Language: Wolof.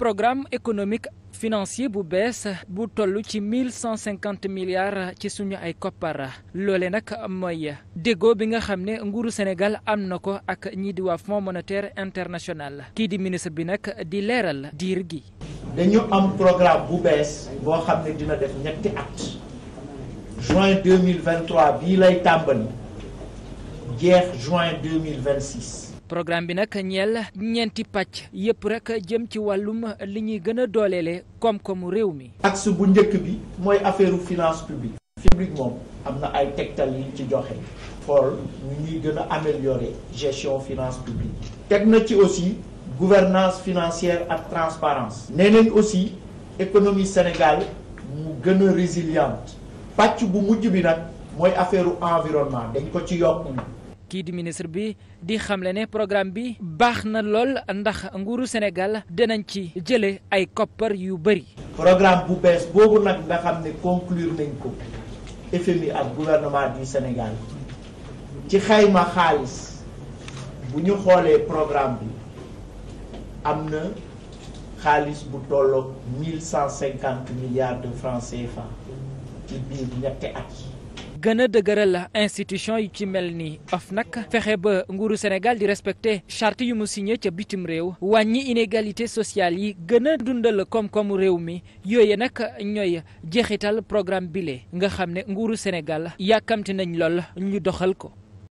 programme économique financier bu bees bu toll ci mille cent cinquante milliards ci suñu ay koppar loole nag mooy déggoo bi nga xam ne nguuru Sénégal am na ko ak ñii di waa Fonds monétaire international kii di ministre bi nag di leeral diir gi. dañu am programme bu bees boo xam ne dina def ñetti at juin bii lay tàmbali jeex juin programme bi nag ñeel ñeenti pàcc yépp rek jëm ci wàllum li ñuy gën a dooleele koom-koomu réew mi. axe bu njëkk bi mooy affaire finance publique. publique moom am na ay tegtal yi ci joxe xool ñu ñuy gën a améliorer gestion finance publique. teg na ci aussi gouvernance financière ak transparence nee aussi économie Sénégal mu gën a résiliente pàcc bu mujj bi nag mooy affaire environnement dañ ko ci yokk. kii di ministre bi di xamle ne programme bi baax na lool ndax nguuru senegal dinañ ci jële ay koppar yu bari programme bu bees boobu nag nga xam ne conclure nañ ko FMI ak gouvernement du Sénégal ci xayma xaalis bu ñu xoolee programme bi am na xaalis bu tolloog mille cinquante milliards de francs CFA ci biir ñetti at. gën a dëgëral institution yi ci mel ni nag fexe ba nguuru Sénégal di respecter charte yu mu signé ca bitim réew wàññi inégalité sociale yi gën a dundal koom-koomu réew mi yooyu nag ñooy jeexital programme bile nga xam ne nguuru Sénégal yàkkamti nañ lool ñu doxal ko.